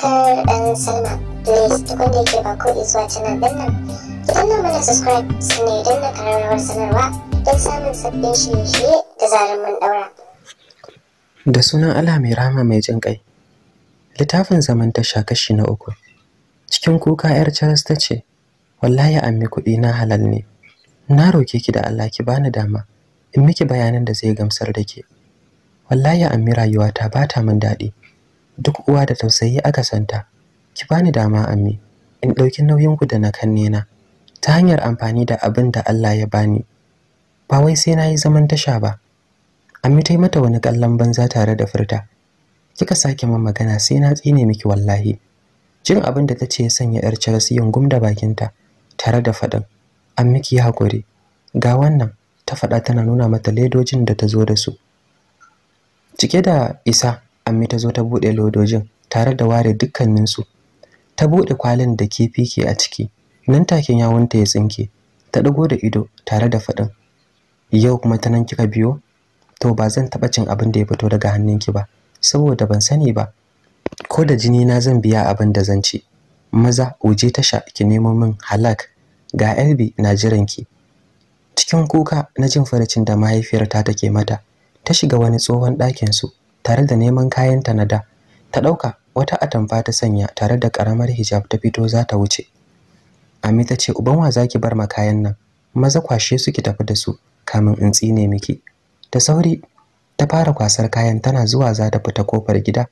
subscribe and sign up. Please tukun da yake ba ko zuwa canal din nan. Ki danna mana subscribe sannan idan na kararrawar sanarwa don samun sabbin shirye-shirye da zarar mun daura. Da sunan Allah mai rama mai jin kai. Littafin zaman tasha kashi na uku. Cikin kuka 'yar Charles ta ce, Wallahi ammi kuɗi na halal ne. Na roke ki da Allah ki bani dama in miki bayanan da zai gamsar da ke. Wallahi ammi rayuwata ba ta min daɗi. duk uwa da tausayi aka santa ki bani dama ammi in ɗauki nauyin ku da na kanne na ta hanyar amfani da abin da Allah ya bani ba wai sai na yi zaman tasha ba ammi tai mata wani kallon banza tare da furta kika sake min magana sai na tsine miki wallahi jin abin da tace ya sanya yar Chelsea yungum da ta tare da faɗin an miki hakuri ga wannan ta faɗa tana nuna mata ledojin da ta zo da su cike da isa ammi ta zo ta buɗe lodojin tare da ware dukkaninsu ta buɗe kwalin da kifi ke a ciki nan taken yawunta ya tsinke ta ɗago da ido tare da faɗin yau kuma ta nan kika biyo to ba zan taɓa cin abin da ya fito daga hannunki ba saboda ban sani ba ko da jini na zan biya abin da zan ci maza uje tasha ki nemo min halak ga elbi na jiranki. cikin kuka na jin farcin da mahaifiyar ta take mata ta shiga wani tsohon ɗakin su tare da neman kayanta na da ta ɗauka wata atamfa ta sanya tare da ƙaramar hijab ta fito za ta wuce ami ta ce uban wa za ki bar ma kayan nan maza kwashe su ki tafi da su kamin in tsine miki ta sauri ta fara kwasar kayan tana zuwa za ta fita kofar gida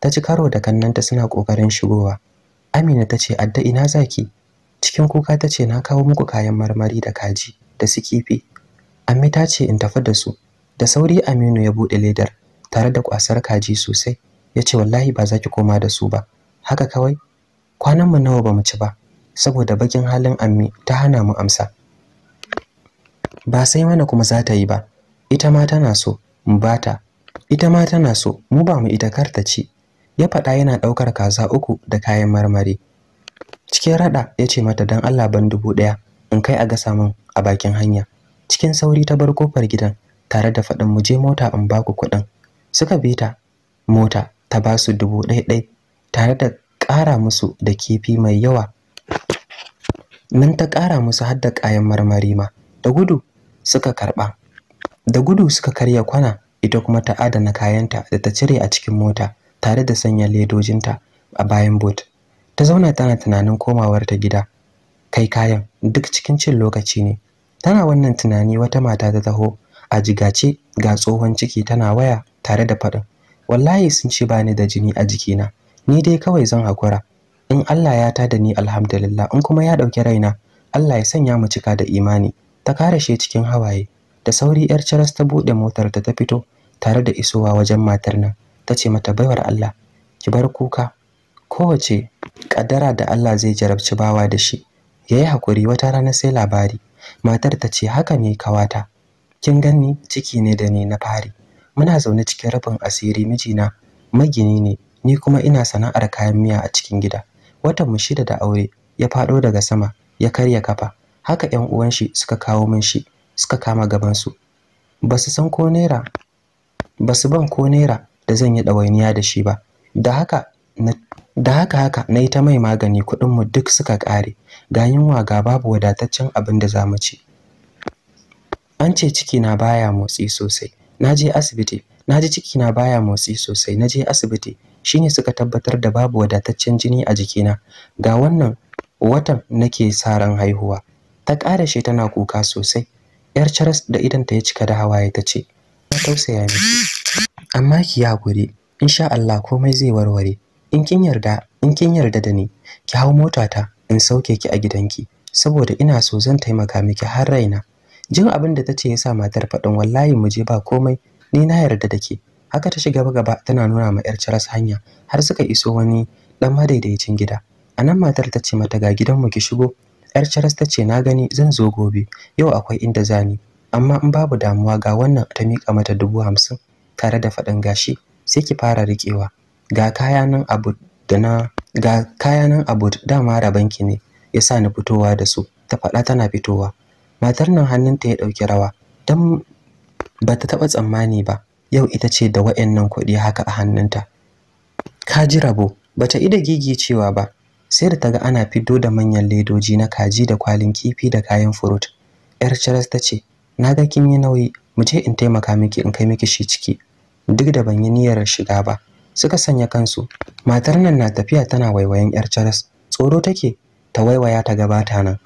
ta ci karo da kannanta suna ƙoƙarin shigowa amina ta ce adda ina zaki cikin kuka ta ce na kawo muku kayan marmari da kaji da su kifi ammi ta ce in tafi da su da sauri aminu ya buɗe ledar tare da kwasar kaji sosai ya ce wallahi ba za ki koma da su ba haka kawai kwanan mu nawa ba mu ci ba saboda bakin halin ammi ta hana mu amsa ba sai mana kuma za ta yi ba ita ma tana so mu ta, ita ma tana so mu ba mu ita kar ta ci ya faɗa yana ɗaukar kaza uku da kayan marmari cikin raɗa ya ce mata don allah ban dubu ɗaya in kai a gasa min a bakin hanya cikin sauri ta bar kofar gidan tare da faɗin mu je mota in baku kuɗin suka bi ta mota ta ba su dubu ɗaiɗai tare da ƙara musu da kifi mai yawa nan ta ƙara musu har da kayan marmari ma da gudu suka karɓa da gudu suka karya kwana ita kuma ta adana kayanta da ta cire a cikin mota tare da sanya ledojinta a bayan bot ta zauna tana tunanin komawar ta gida kai kayan duk cikin cin lokaci ne tana wannan tunani wata mata ta taho a jigace ga tsohon ciki tana waya tare da faɗin wallahi sun ci bani da jini a jikina ni dai kawai zan hakura in Allah ya da ni alhamdulillah in kuma ya ɗauki raina Allah ya sanya mu cika da imani ta karashe cikin hawaye da sauri yar charas ta buɗe motar ta ta fito tare da isowa wajen matar nan ta ce mata baiwar Allah ki bar kuka kowace kaddara da Allah zai jarabci bawa da shi yayi hakuri wata rana sai labari matar ta ce haka ne kawata kin ganni ciki ne da ni na fari muna zaune cikin rafin asiri mijina magini ne ni kuma ina sana'ar kayan miya a cikin gida watan mu shida da aure ya fado daga sama ya karya kafa haka ƴan uwan shi suka kawo min shi suka kama gaban su basu san ko nera basu ban ko naira da zan yi ɗawainiya da shi ba da haka na da haka haka na yi ta mai magani mu duk suka ƙare ga yunwa ga babu wadataccen abin da za mu ci an ce cikina baya motsi sosai na je asibiti na ji cikina baya motsi sosai na je asibiti shine suka tabbatar da babu wadataccen jini a jikina ga wannan watan nake sa ran haihuwa ta ƙara shi tana kuka sosai yar Charles da idan ta ya cika da hawaye ta ce na tausaya miki amma ki in insha Allah komai zai warware in kin yarda in kin yarda da ni ki hau motata in sauke ki a gidanki saboda ina so zan taimaka miki har raina jin abin da ta ce yasa matar faɗin wallahi mu je ba komai ni na yarda da ke haka ta shiga gaba tana nuna ma 'yar caras hanya har suka iso wani ɗan madaidaicin gida a nan matar ta ce mata ga gidanmu ki shigo 'yar caras ta ce na gani zan zo gobe yau akwai inda zani amma in babu damuwa ga wannan ta miƙa mata dubu hamsin tare da faɗin gashi sai ki fara riƙewa ga kaya nan abu da na ga kaya nan abu dama rabanki ne ya sa ni fitowa da su ta faɗa tana fitowa matar nan hannunta ya ɗauki rawa don ba ta taɓa tsammani ba yau ita ce da wa'annan kuɗi haka a hannunta ka ji rabo ba ta gigi cewa ba sai da ta ga ana fiddo da manyan ledoji na kaji da kwalin kifi da kayan furut yar charles ta ce na ga kin yi nauyi mu je in taimaka miki in kai miki shi ciki duk da ban yi niyyar shiga ba suka sanya kansu matar nan na tafiya tana waiwayen yar charles tsoro take ta waiwaya ta gabata nan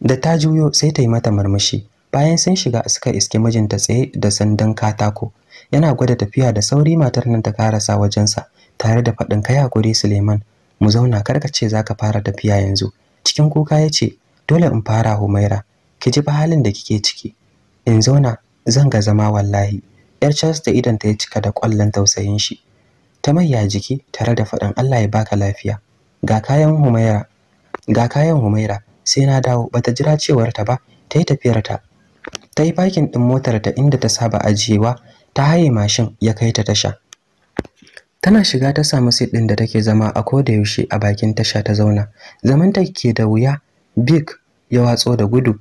da ta juyo sai ta yi mata murmushi bayan sun shiga suka iske mijinta tsaye da sandan katako yana gwada tafiya da sauri matar nan ta karasa wajensa tare da faɗin kai hakuri Suleiman mu zauna karkace zaka fara tafiya yanzu cikin kuka ya ce dole in fara Humaira ki ji ba halin da kike ciki in zauna zan ga zama wallahi yar Charles da idan ta yi cika da kwallon tausayin shi ta ya jiki tare da faɗin Allah ya baka lafiya ga kayan Humaira ga kayan Humaira sai na dawo bata jira cewar ta ba ta yi tafiyarta. ta ta yi bakin din motar ta inda ta saba ajiyewa ta haye mashin ya kai ta tasha tana shiga ta samu sit ɗin da take zama a koda yaushe a bakin tasha ta zauna zaman ta ke da wuya big ya watso da gudu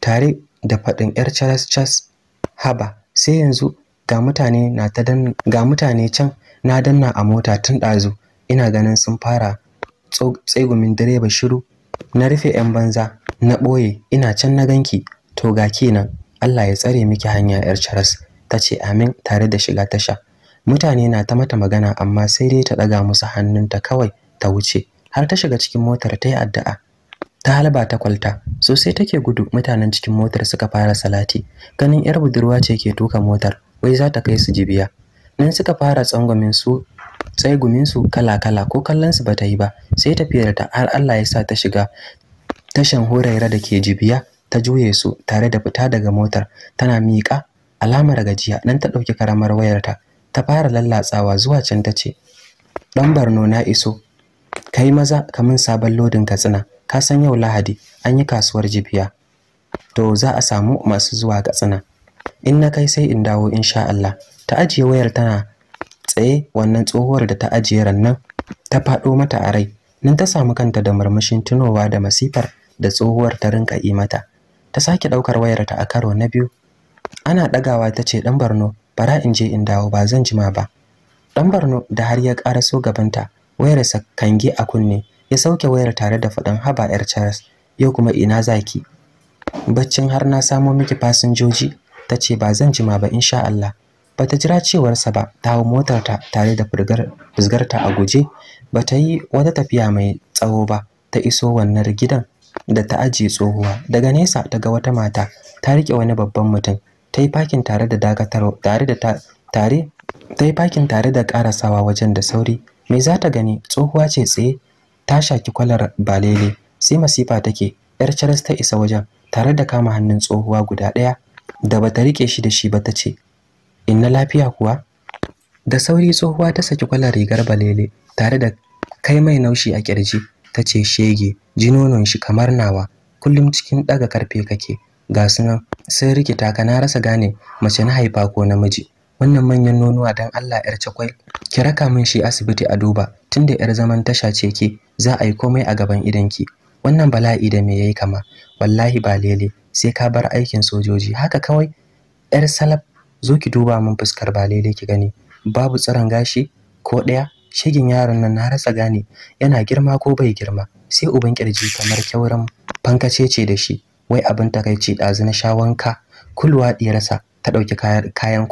tare da faɗin yar charles chas haba sai yanzu ga mutane na ta dan ga mutane can na danna a mota tun ɗazu ina ganin sun fara tsegumin direba shiru na rufe 'yan banza na ɓoye ina can na ganki to ga kenan Allah ya tsare miki hanya 'yar caras ta ce amin tare da shiga tasha mutane na ta mata magana amma sai dai ta ɗaga musu hannunta kawai ta wuce har ta shiga cikin motar ta yi addu'a ta halba ta kwalta sosai take gudu mutanen cikin motar suka fara salati ganin yar budurwa ce ke tuka motar wai za ta kai su jibiya nan suka fara tsangwamin su su kala-kala ko kallonsu ba ta yi ba sai tafiyar ta har Allah ya sa ta shiga tashan horaira da ke jibiya ta juye su tare da fita daga motar tana miƙa alamar gajiya nan ta ɗauki karamar wayarta ta fara lallatsawa zuwa can ta ce ɗan barno na iso kai maza kamin sabon lodin katsina ka san yau lahadi an yi kasuwar jibiya to za a samu masu zuwa katsina in na kai sai in dawo insha Allah ta ajiye wayar tana tsaye wannan tsohuwar da ta ajiye rannan ta faɗo mata a rai nan ta samu kanta da murmushin tunowa da masifar da tsohuwar ta rinka yi mata ta sake ɗaukar wayarta a karo na biyu ana ɗagawa ta ce ɗan barno bara in je in dawo ba zan jima ba ɗan barno da har ya ƙaraso gabanta wayarsa kange a kunne ya sauke wayar tare da faɗin haba yar charles yau kuma ina zaki baccin har na samo miki fasinjoji ta ce ba zan jima ba insha Allah bata jira cewarsa ba ta hau motarta tare da fusgarta a guje ta yi wata tafiya mai tsawo ba ta iso wannan gidan da ta ajiye tsohuwa daga nesa ga wata mata ta rike wani babban mutum ta yi fakin tare da dakatar tare da tare ta yi fakin tare da karasawa wajen da sauri mai za ta gani tsohuwa ce tsaye ta shaki kwalar balele sai masifa take yar caras ta isa wajen tare da kama hannun tsohuwa guda ɗaya da bata rike shi da shi ba ta ce inna lafiya kuwa da sauri tsohuwa ta saki kwalar rigar balele tare da kai mai naushi a kirji ta ce shege jinonon shi kamar nawa kullum cikin daga karfe kake ga sunan Sai rikita ka na rasa gane mace na haifa ko namiji wannan manyan nonuwa dan Allah yar cakwai ki raka min shi asibiti a duba tunda yar zaman tasha ce ke za a yi komai a gaban idanki wannan bala'i da me yayi kama wallahi ba lele sai ka bar aikin sojoji haka kawai yar salaf zo ki duba min fuskar ba lele ki gani babu tsiron gashi ko ɗaya shigin yaron nan na rasa gane yana girma ko bai girma sai uban kirji kamar kyauran fankacece da shi wai abin takaici ɗazu na sha wanka kulwa diyarsa ta ɗauki kayan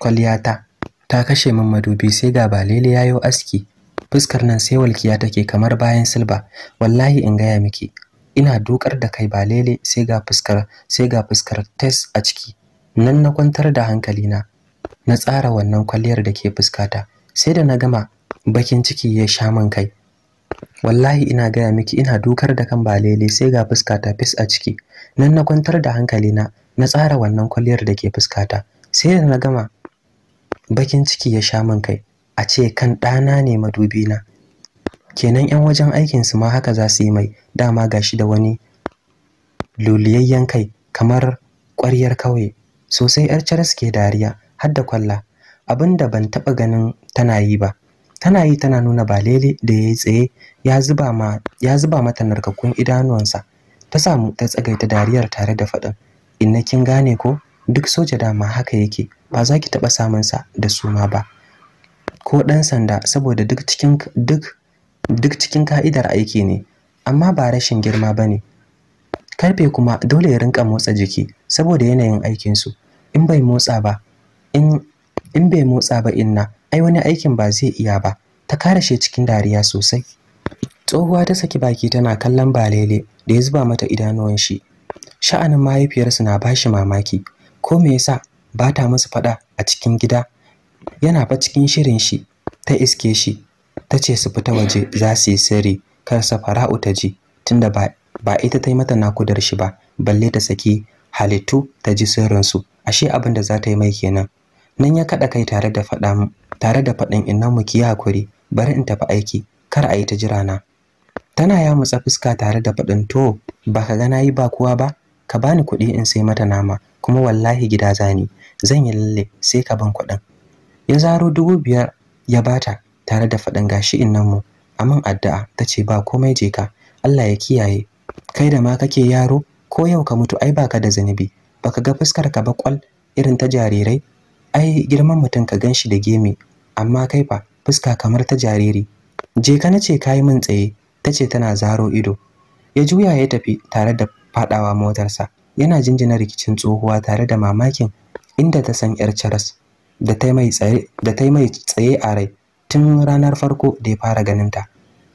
kwalliya ta ta kashe min madubi sai ga ba lele yayo aski fuskar nan sai walkiya take kamar bayan silba wallahi in gaya miki ina dukar da kai ba lele sai ga fuskar sai ga fuskar test a ciki nan na kwantar da hankalina na tsara wannan kwalliyar da ke fuskata sai da na gama bakin ciki ya sha man kai wallahi ina gaya miki ina dukar da kan balele sai ga fuskata fis a ciki nan na kwantar da hankalina na tsara wannan kwalliyar da ke fuskata sai da na gama bakin ciki ya sha min kai a ce kan ɗana ne madubi na. kenan 'yan wajen aikin su ma haka za su yi mai dama gashi da wani luliyayyen kai kamar ƙwaryar kauye sosai yar caras ke dariya har da kwalla abin da ban taɓa ganin tana yi ba tana yi tana nuna balele da ya yi tsaye ya zuba mata narkakkun idanuwansa ta samu ta tsagaita dariyar tare da faɗin inna kin gane ko duk soja dama haka yake ba za ki taɓa samunsa da suma ba ko ɗan sanda saboda duk cikin duk duk cikin ka'idar aiki ne amma ba rashin girma ba ne karfe kuma dole ya rinka motsa jiki saboda yanayin aikinsu in bai motsa ba in in bai motsa ba inna ai wani aikin ba zai iya ba ta karashe cikin dariya sosai tsohuwa ta saki baki tana kallon balele da ya zuba mata idanuwan shi sha'anin mahaifiyarsu na bashi mamaki ko me yasa ba ta musu fada a cikin gida yana ba cikin shirin shi ta iske shi ta ce su fita waje za su yi sirri kar safara'u ta ji tunda ba ba ita ta yi mata nakudar shi ba balle ta saki halittu ta ji sirrin su. ashe abin da za ta yi mai kenan nan ya kaɗa kai tare da faɗa tare da faɗin innan mu ki hakuri bari in tafi aiki kar a yi ta jira na tana ya mutsa fuska tare da faɗin to ka ga nayi ba kuwa ba ka bani kuɗi in sai mata nama kuma wallahi gida zani zan yi lalle sai ka ban kuɗin ya zaro dubu biyar ya bata tare da faɗin gashi innan mu man addu'a ta ce ba komai je ka Allah ya kiyaye kai da ma kake yaro ko yau ka mutu ai baka da zanubi baka ga fuskar ka ba kwal irin ta jarirai ai girman mutum ka ganshi da geme amma kai fa fuska kamar ta jariri je ka nace kai min tsaye tace tana zaro ido ya juya ya tafi tare da fadawa motarsa yana jinjina rikicin tsohuwa tare da mamakin inda ta san yar charas da ta mai tsaye da ta mai tsaye a rai tun ranar farko da ya fara ganin ta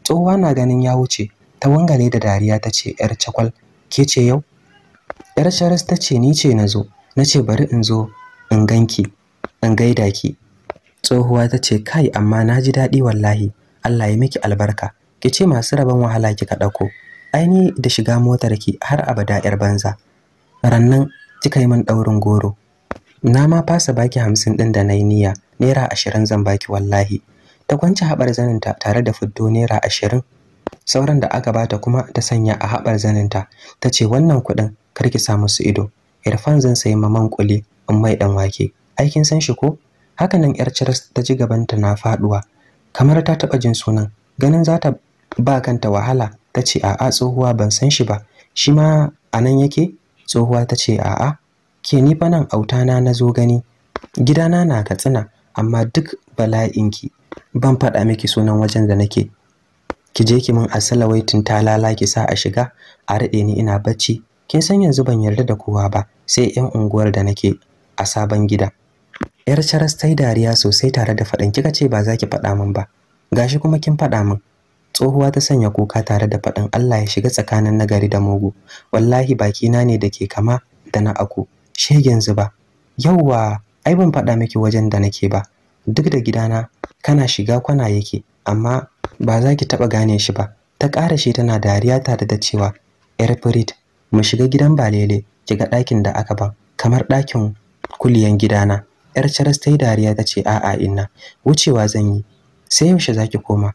tsohuwa na ganin ya wuce ta wangale da dariya ta ce ‘yar cakwal ke ce yau ‘yar sharas ta ce ni ce na zo na ce bari in zo in ganki in gaida ki tsohuwa ta ce kai amma na ji daɗi wallahi Allah ya miki albarka ki ce masu rabon wahala ki kika ɗauko aini da shiga motar ki har abada ‘yar banza rannan kika yi min ɗaurin goro na ma fasa baki hamsin ɗin da na yi niyya naira ashirin zan baki wallahi ta kwanci haɓar zaninta tare da fuddo naira ashirin sauran da aka bata kuma ta sanya a haɓar zaninta ta ce wannan kuɗin kar ki sa musu ido irfan zan sayi maman kuli in mai dan wake aikin san shi ko haka nan yar ciras ta ji gabanta na faɗuwa kamar ta taba jin sunan ganin za ta ba kanta wahala ta ce a'a tsohuwa ban san shi ba shi ma a nan yake tsohuwa ta ce a'a ke ni fa nan autana na zo gani gidana na katsina amma duk bala'inki ban faɗa miki sunan wajen da nake ki je ki min asalawaitin talala ki sa a shiga a rade ni ina bacci kin san yanzu ban yarda da kowa ba sai yan unguwar da nake a sabon gida yar charas tai dariya sosai tare da faɗin kika ce ba za ki faɗa min ba gashi kuma kin faɗa min tsohuwa ta sanya kuka tare da faɗin Allah ya shiga tsakanin nagari da mugu wallahi baki na ne da ke kama da na aku shegen zuba yauwa ai ban faɗa miki wajen da nake ba duk da gidana kana shiga kwana yake amma ba za ki taɓa gane shi ba ta ƙara shi tana dariya tare da cewa yar firit mu shiga gidan balele ki ga ɗakin da aka ba kamar ɗakin kuliyan gidana yar charles ta yi dariya ta ce a'a inna wucewa zan yi sai yaushe za ki koma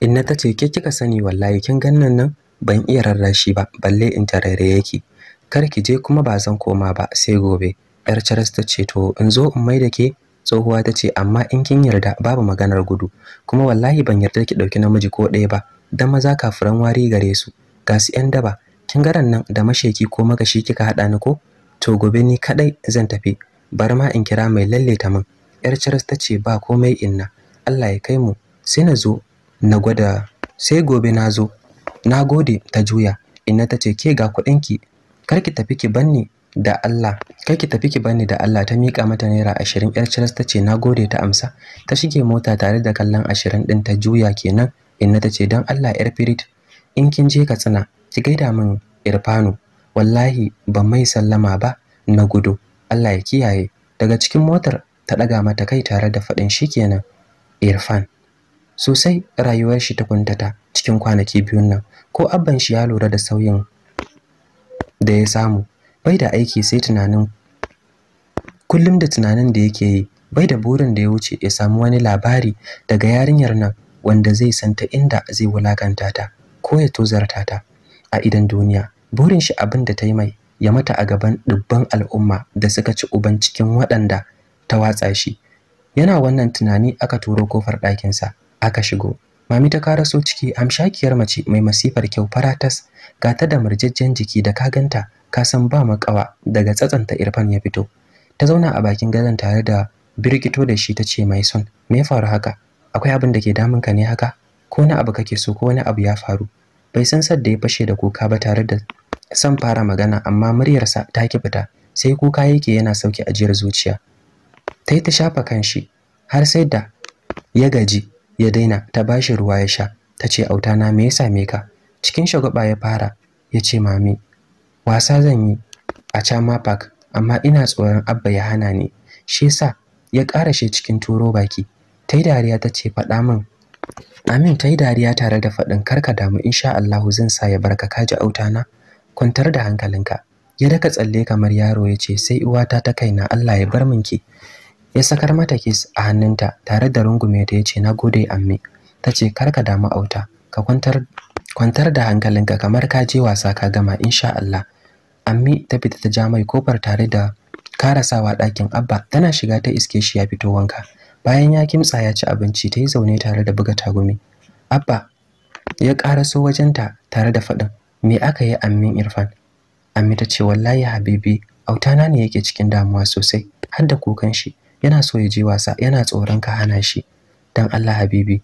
inna ta ce ke kika sani wallahi kin gannan nan ban iya rarrashi ba balle in tarare yake kar ki je kuma ba zan koma ba sai gobe yar charles ta ce to in zo in mai da ke tsohuwa ta ce amma in kin yarda babu maganar gudu kuma wallahi ban yarda ki ɗauki namiji ko ɗaya ba dan maza kafiran wari gare su ga su 'yan daba kin garan nan da masheki ko magashi kika haɗa ni ko to gobe ni kaɗai zan tafi bar ma in kira mai lalle ta min yar ciras ta ce ba komai inna Allah ya kai mu sai na zo na gwada sai gobe na zo na gode ta juya inna ta ce ke ga ki? kar ki tafi ki banni da Allah kai ki tafi ki bani da Allah ta mika mata naira 20 yar ciras tace gode ta amsa ta shige mota tare da kallon 20 din ta juya kenan inna tace dan Allah yar firit in kin je Katsina ki gaida min Irfanu wallahi ban mai sallama ba na gudu Allah ya kiyaye daga cikin motar ta daga mata kai tare da fadin kenan Irfan sosai rayuwar shi ta kuntata cikin kwanaki biyun nan ko abban shi ya lura da sauyin da ya samu bai da aiki sai tunanin kullum da tunanin da yake yi bai da burin da ya wuce ya samu wani labari daga yarinyar nan wanda zai santa inda zai wulakanta ta ko ya tozarta ta a idan duniya burin shi abin da ta yi mai ya mata a gaban dubban al'umma da suka ci uban cikin waɗanda ta watsa shi yana wannan tunani aka turo kofar ɗakinsa aka shigo mami ta karaso ciki amshakiyar mace mai masifar kyau faratas ga ta da murjejjen jiki da ka ganta. ka san ba makawa daga tsatsanta Irfan ya fito ta zauna a bakin gadon tare da birgito da shi tace mai son me ya faru haka akwai abin da ke damun ka ne haka ko wani abu kake so ko wani abu ya faru bai san sadda ya fashe da kuka ba tare da san fara magana amma muryarsa ta ki fita sai kuka yake yana sauke ajiyar zuciya ta yi ta shafa kanshi har sai da ya gaji ya daina ta bashi ruwa ya sha ta ce na me ya same ka cikin shagwaba ya fara ya ce mami wasa zan yi a chama park amma ina tsoron abba ya hana ni shi yasa ya karashe cikin turo baki tai dariya ta ce faɗa min amin tai dariya tare da faɗin karka damu insha Allahu zan sa ya barka kaji autana kwantar da hankalinka ya daka tsalle kamar yaro ya ce sai uwata ta kaina Allah ya bar min ki ya sakar mata kis a hannunta tare da rungume ta ya ce na gode amme ta ce karka damu auta ka kwantar kwantar da hankalinka kamar ka je wasa ka gama insha Allah ammi ta fita ta ja mai kofar tare da karasawa ɗakin abba tana shiga ta iske shi ya fito wanka bayan ya kimtsa ya ci abinci ta yi zaune tare da buga tagumi abba ya karaso wajenta tare da faɗin me aka yi ammin irfan ammi ta ce wallahi habibi autana ne yake cikin damuwa sosai har da kukan shi yana so ya je wasa yana tsoron ka hana shi dan Allah habibi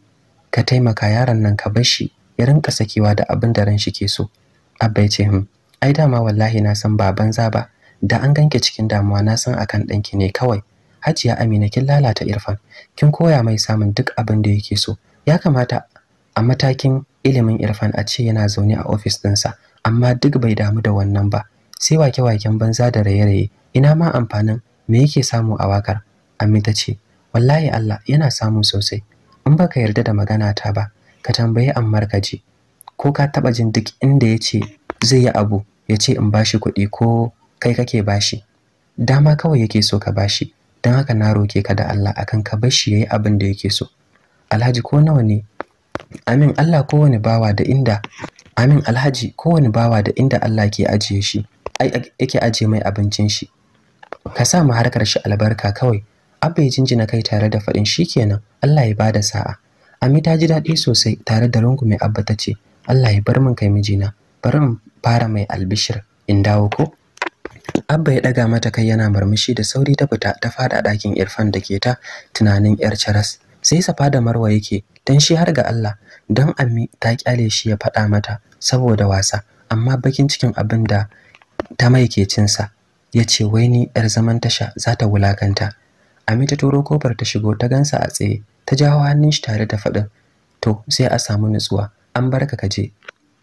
ka taimaka yaron nan ka bar shi ya rinka sakewa da abin da ran shi ke so abba ya ce hmm. ai dama wallahi na san ba banza ba da an ganke cikin damuwa na san akan ɗanki ne kawai hajiya amina kin lalata irfan kin koya mai samun duk abin da yake so ya kamata a matakin ilimin irfan a ce yana zaune a ofis ɗinsa amma duk bai damu da wannan ba sai wake-waken banza da raye-raye ina ma amfanin me yake samu a wakar ammi ta ce wallahi allah yana samu sosai in baka yarda da magana ta ba ka tambayi ammar ka ko ka taba jin duk inda ya ce zai yi abu ya ce in bashi kuɗi ko kai kake bashi dama kawai yake so ka bashi don haka na roke ka da Allah akan ka bashi yayi abin da yake so Alhaji ko nawa ne amin Allah kowane bawa da inda amin Alhaji kowane bawa da inda Allah ke ajiye shi ai yake ajiye mai abincin shi ka sa mu harkar shi albarka kawai abba ya jinjina kai tare da faɗin kenan. Allah ya bada sa'a Ami ta ji daɗi sosai tare da rungume abba ta ce Allah ya bar min kai mijina bari in fara mai albishir in dawo ko Abba ya ɗaga mata kai yana murmushi da sauri ta fita ta fada ɗakin Irfan da ke ta tunanin ‘yar charas. Sai safa da marwa yake dan shi har ga Allah dan Ammi ta kyale shi ya faɗa mata saboda wasa amma bakin cikin abin da ta mai ke cin ya ce wai ni ‘yar zaman tasha za ta wulakanta. Ami ta turo kofar ta shigo ta gansa a tsaye ta jawo hannun shi tare da faɗin to sai a samu nutsuwa an barka kaje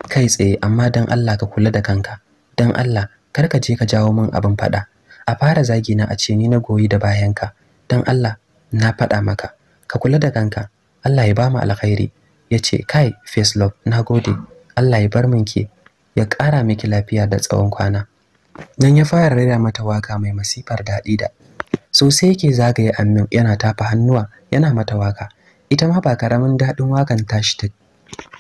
kai tsaye amma dan Allah ka kula da kanka dan Allah kar ka je ka jawo min abin faɗa a fara zagi na a ce ni na goyi da bayanka dan Allah na faɗa maka ka kula da kanka Allah ya ba mu alkhairi ya ce kai face love na gode Allah ya bar min ki ya ƙara miki lafiya da tsawon kwana nan ya fara rera mata waka mai masifar daɗi da sosai yake zagaye amin yana tafa hannuwa yana mata waka ita ma ba karamin daɗin wakan tashi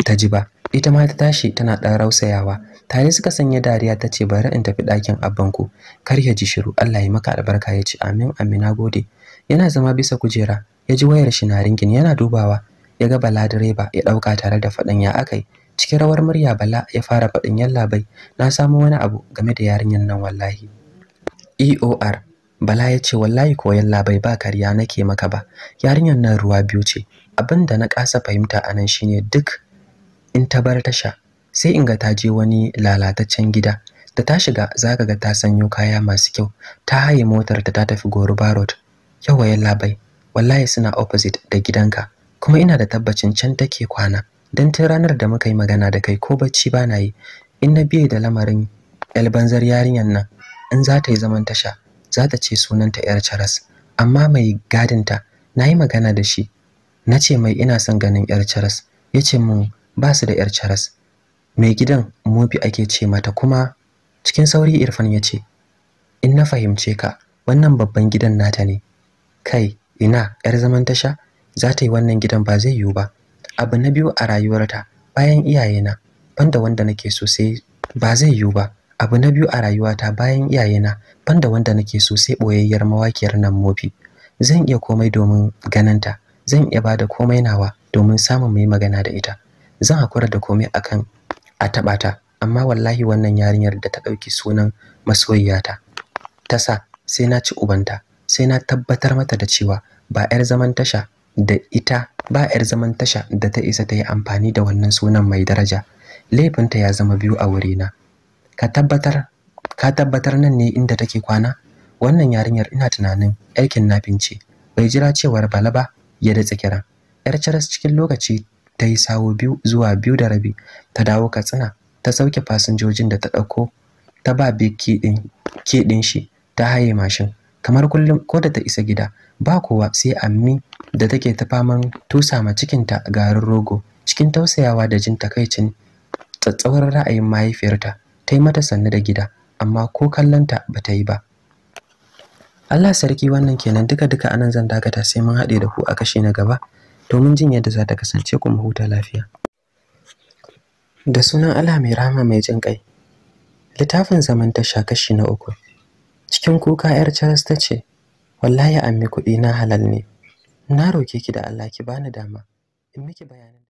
ta ji ba ita ma ta tashi tana ɗan rausayawa tare suka sanya dariya ta ce bari in tafi ɗakin abbanku kar ya ji shiru Allah ya maka albarka ya ce amin amina gode yana zama bisa kujera ya ji wayar shi na ringin yana dubawa ya ga bala direba ya ɗauka tare da faɗin ya akai cikin rawar murya bala ya fara faɗin yallabai na samu wani abu game da yarinyar nan wallahi eor bala ya ce wallahi ko bai ba kariya nake maka ba yarinyar nan ruwa biyu ce abin da na kasa fahimta anan shine duk in ta bar tasha sai in ga ta je wani lalataccen gida da ta shiga za ka ga ta sanyo kaya masu kyau ta haye motar ta ta tafi goruba road yawa yalla bai wallahi suna opposite da gidanka kuma ina da tabbacin can take kwana dan tun ranar da muka yi magana da kai ko bacci ba na yi in na biye da lamarin banzar yarinyar nan in za ta yi zaman tasha za ta ce sunanta yar charas. amma mai gadinta na yi magana da shi na ce mai ina son ganin yar charas, ya ce min ba su da yar charas mai gidan mofi ake ce mata kuma cikin sauri irfan ya ce in na fahimce ka wannan babban gidan nata ne kai ina yar zaman tasha za ta yi wannan gidan ba zai yiwu ba abu na biyu a rayuwarta bayan iyayena banda wanda nake so sai ba zai yiwu ba abu na biyu a rayuwata bayan iyayena banda wanda nake so sai boyayyar mawakiyar nan mofi zan iya komai domin ta zan iya bada komai nawa domin samun mai magana da ita zan hakura da komai akan a taɓata, ta amma wallahi wannan yarinyar da ta ɗauki sunan masoyiyata ta sa sai na ci ubanta sai na tabbatar mata da cewa ba 'yar zaman tasha da ita ba 'yar zaman tasha da ta isa ta yi amfani da wannan sunan mai daraja laifinta ya zama biyu a wurina ka tabbatar ka tabbatar nan ne inda take kwana wannan yarinyar ina tunanin yarkin nafin ce bai jira cewar bala ba ya da kiran yar caras cikin lokaci ta yi sawo biyu zuwa biyu da rabi ta dawo katsina ta sauke fasinjojin da ta ɗauko ta ba bi keɗin shi ta haye mashin kamar kullum ko da ta isa gida ba kowa sai ammi da take ta faman tusa ma cikinta garin rogo cikin tausayawa da jin takaicin tsatsawar ra'ayin mahaifiyarta ta yi mata sannu da gida amma ko kallonta ba ta yi ba Allah sarki wannan kenan duka duka anan zan dakata sai mun haɗe da ku a kashi na gaba domin jin yadda za ta kasance kuma huta lafiya da sunan Allah mai rama mai jin kai littafin zaman ta sha kashi na uku cikin kuka yar Charles ta ce wallahi ammi kuɗi na halal ne na roke ki da Allah ki bani dama in miki bayanin